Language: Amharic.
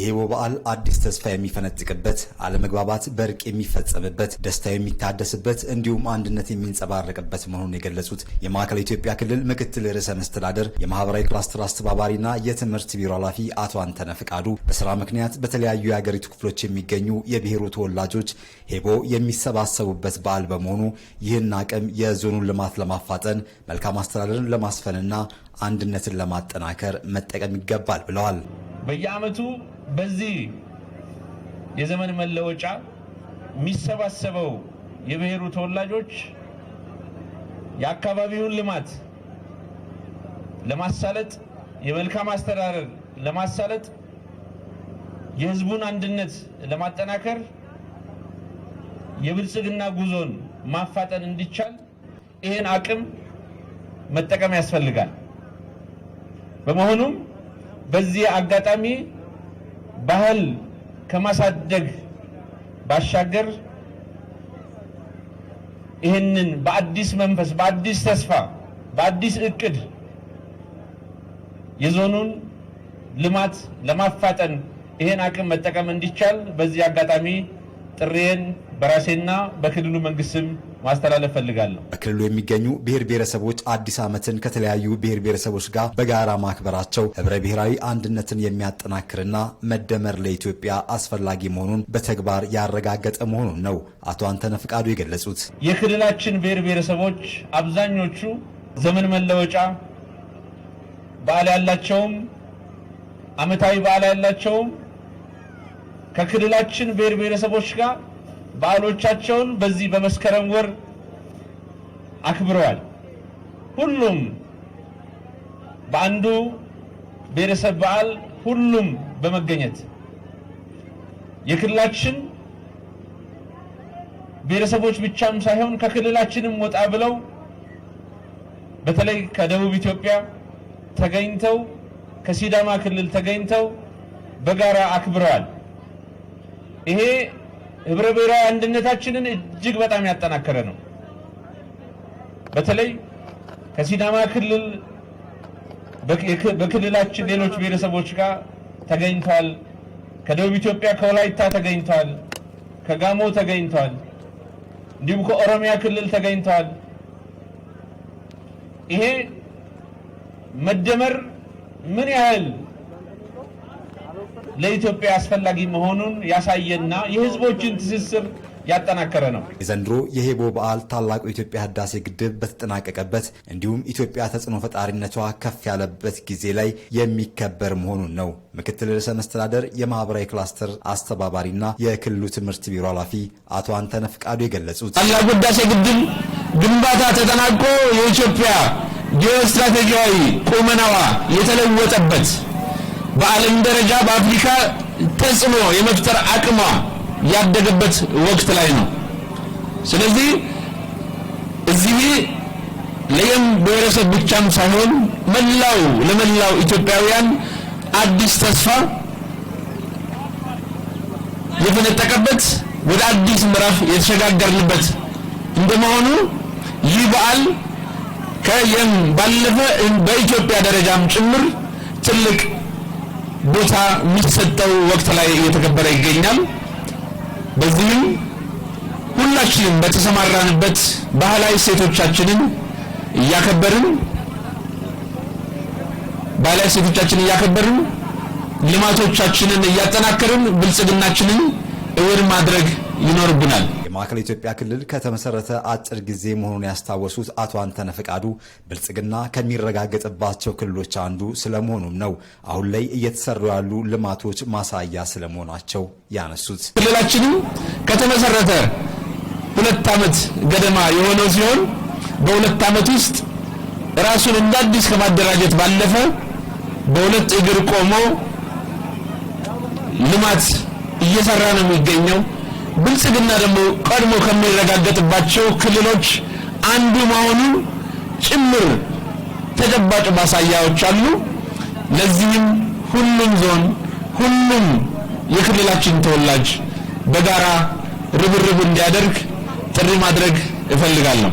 የሄቦ በዓል አዲስ ተስፋ የሚፈነጥቅበት፣ አለመግባባት በእርቅ የሚፈጸምበት፣ ደስታ የሚታደስበት እንዲሁም አንድነት የሚንጸባረቅበት መሆኑን የገለጹት የማዕከላዊ ኢትዮጵያ ክልል ምክትል ርዕሰ መስተዳደር የማህበራዊ ክላስተር አስተባባሪና የትምህርት ቢሮ ኃላፊ አቶ አንተነ ፍቃዱ በስራ ምክንያት በተለያዩ የአገሪቱ ክፍሎች የሚገኙ የብሔሩ ተወላጆች ሄቦ የሚሰባሰቡበት በዓል በመሆኑ ይህን አቅም የዞኑን ልማት ለማፋጠን መልካም አስተዳደርን ለማስፈንና አንድነትን ለማጠናከር መጠቀም ይገባል ብለዋል። በየአመቱ በዚህ የዘመን መለወጫ የሚሰባሰበው የብሔሩ ተወላጆች የአካባቢውን ልማት ለማሳለጥ የመልካም አስተዳደር ለማሳለጥ የሕዝቡን አንድነት ለማጠናከር የብልጽግና ጉዞን ማፋጠን እንዲቻል ይህን አቅም መጠቀም ያስፈልጋል። በመሆኑም በዚህ አጋጣሚ ባህል ከማሳደግ ባሻገር ይህንን በአዲስ መንፈስ፣ በአዲስ ተስፋ፣ በአዲስ እቅድ የዞኑን ልማት ለማፋጠን ይህን አቅም መጠቀም እንዲቻል በዚህ አጋጣሚ ጥሬን በራሴና በክልሉ መንግስት ስም ማስተላለፍ ፈልጋለሁ። በክልሉ የሚገኙ ብሔር ብሔረሰቦች አዲስ ዓመትን ከተለያዩ ብሔር ብሔረሰቦች ጋር በጋራ ማክበራቸው ህብረ ብሔራዊ አንድነትን የሚያጠናክርና መደመር ለኢትዮጵያ አስፈላጊ መሆኑን በተግባር ያረጋገጠ መሆኑን ነው አቶ አንተነ ፍቃዱ የገለጹት። የክልላችን ብሔር ብሔረሰቦች አብዛኞቹ ዘመን መለወጫ በዓል ያላቸውም ዓመታዊ በዓል ያላቸውም ከክልላችን ብሔር ብሔረሰቦች ጋር በዓሎቻቸውን በዚህ በመስከረም ወር አክብረዋል። ሁሉም በአንዱ ብሔረሰብ በዓል ሁሉም በመገኘት የክልላችን ብሔረሰቦች ብቻም ሳይሆን ከክልላችንም ወጣ ብለው በተለይ ከደቡብ ኢትዮጵያ ተገኝተው ከሲዳማ ክልል ተገኝተው በጋራ አክብረዋል። ይሄ ህብረ ብሔራዊ አንድነታችንን እጅግ በጣም ያጠናከረ ነው። በተለይ ከሲዳማ ክልል በክልላችን ሌሎች ብሔረሰቦች ጋር ተገኝቷል። ከደቡብ ኢትዮጵያ ከወላይታ ተገኝቷል። ከጋሞ ተገኝቷል። እንዲሁም ከኦሮሚያ ክልል ተገኝቷል። ይሄ መደመር ምን ያህል ለኢትዮጵያ አስፈላጊ መሆኑን ያሳየና የህዝቦችን ትስስር ያጠናከረ ነው። የዘንድሮ የሄቦ በዓል ታላቁ የኢትዮጵያ ህዳሴ ግድብ በተጠናቀቀበት እንዲሁም ኢትዮጵያ ተጽዕኖ ፈጣሪነቷ ከፍ ያለበት ጊዜ ላይ የሚከበር መሆኑን ነው ምክትል ርዕሰ መስተዳደር የማህበራዊ ክላስተር አስተባባሪና የክልሉ ትምህርት ቢሮ ኃላፊ አቶ አንተነ ፍቃዱ የገለጹት። ታላቁ ህዳሴ ግድብ ግንባታ ተጠናቆ የኢትዮጵያ ጂኦስትራቴጂያዊ ቁመናዋ የተለወጠበት በዓለም ደረጃ በአፍሪካ ተጽዕኖ የመፍጠር አቅሟ ያደገበት ወቅት ላይ ነው። ስለዚህ እዚህ ለየም ብሔረሰብ ብቻም ሳይሆን መላው ለመላው ኢትዮጵያውያን አዲስ ተስፋ የተነጠቀበት ወደ አዲስ ምዕራፍ የተሸጋገርንበት እንደመሆኑ ይህ በዓል ከየም ባለፈ በኢትዮጵያ ደረጃም ጭምር ትልቅ ቦታ የሚሰጠው ወቅት ላይ እየተከበረ ይገኛል። በዚህም ሁላችንም በተሰማራንበት ባህላዊ ሴቶቻችንን እያከበርን ባህላዊ ሴቶቻችንን እያከበርን ልማቶቻችንን እያጠናከርን ብልጽግናችንን እውን ማድረግ ይኖርብናል። የማዕከል ኢትዮጵያ ክልል ከተመሰረተ አጭር ጊዜ መሆኑን ያስታወሱት አቶ አንተነ ፈቃዱ ብልጽግና ከሚረጋገጥባቸው ክልሎች አንዱ ስለመሆኑም ነው አሁን ላይ እየተሰሩ ያሉ ልማቶች ማሳያ ስለመሆናቸው ያነሱት። ክልላችንም ከተመሰረተ ሁለት ዓመት ገደማ የሆነው ሲሆን በሁለት ዓመት ውስጥ ራሱን እንደ አዲስ ከማደራጀት ባለፈ በሁለት እግር ቆሞ ልማት እየሰራ ነው የሚገኘው። ብልጽግና ደግሞ ቀድሞ ከሚረጋገጥባቸው ክልሎች አንዱ መሆኑ ጭምር ተጨባጭ ማሳያዎች አሉ። ለዚህም ሁሉም ዞን፣ ሁሉም የክልላችን ተወላጅ በጋራ ርብርብ እንዲያደርግ ጥሪ ማድረግ እፈልጋለሁ።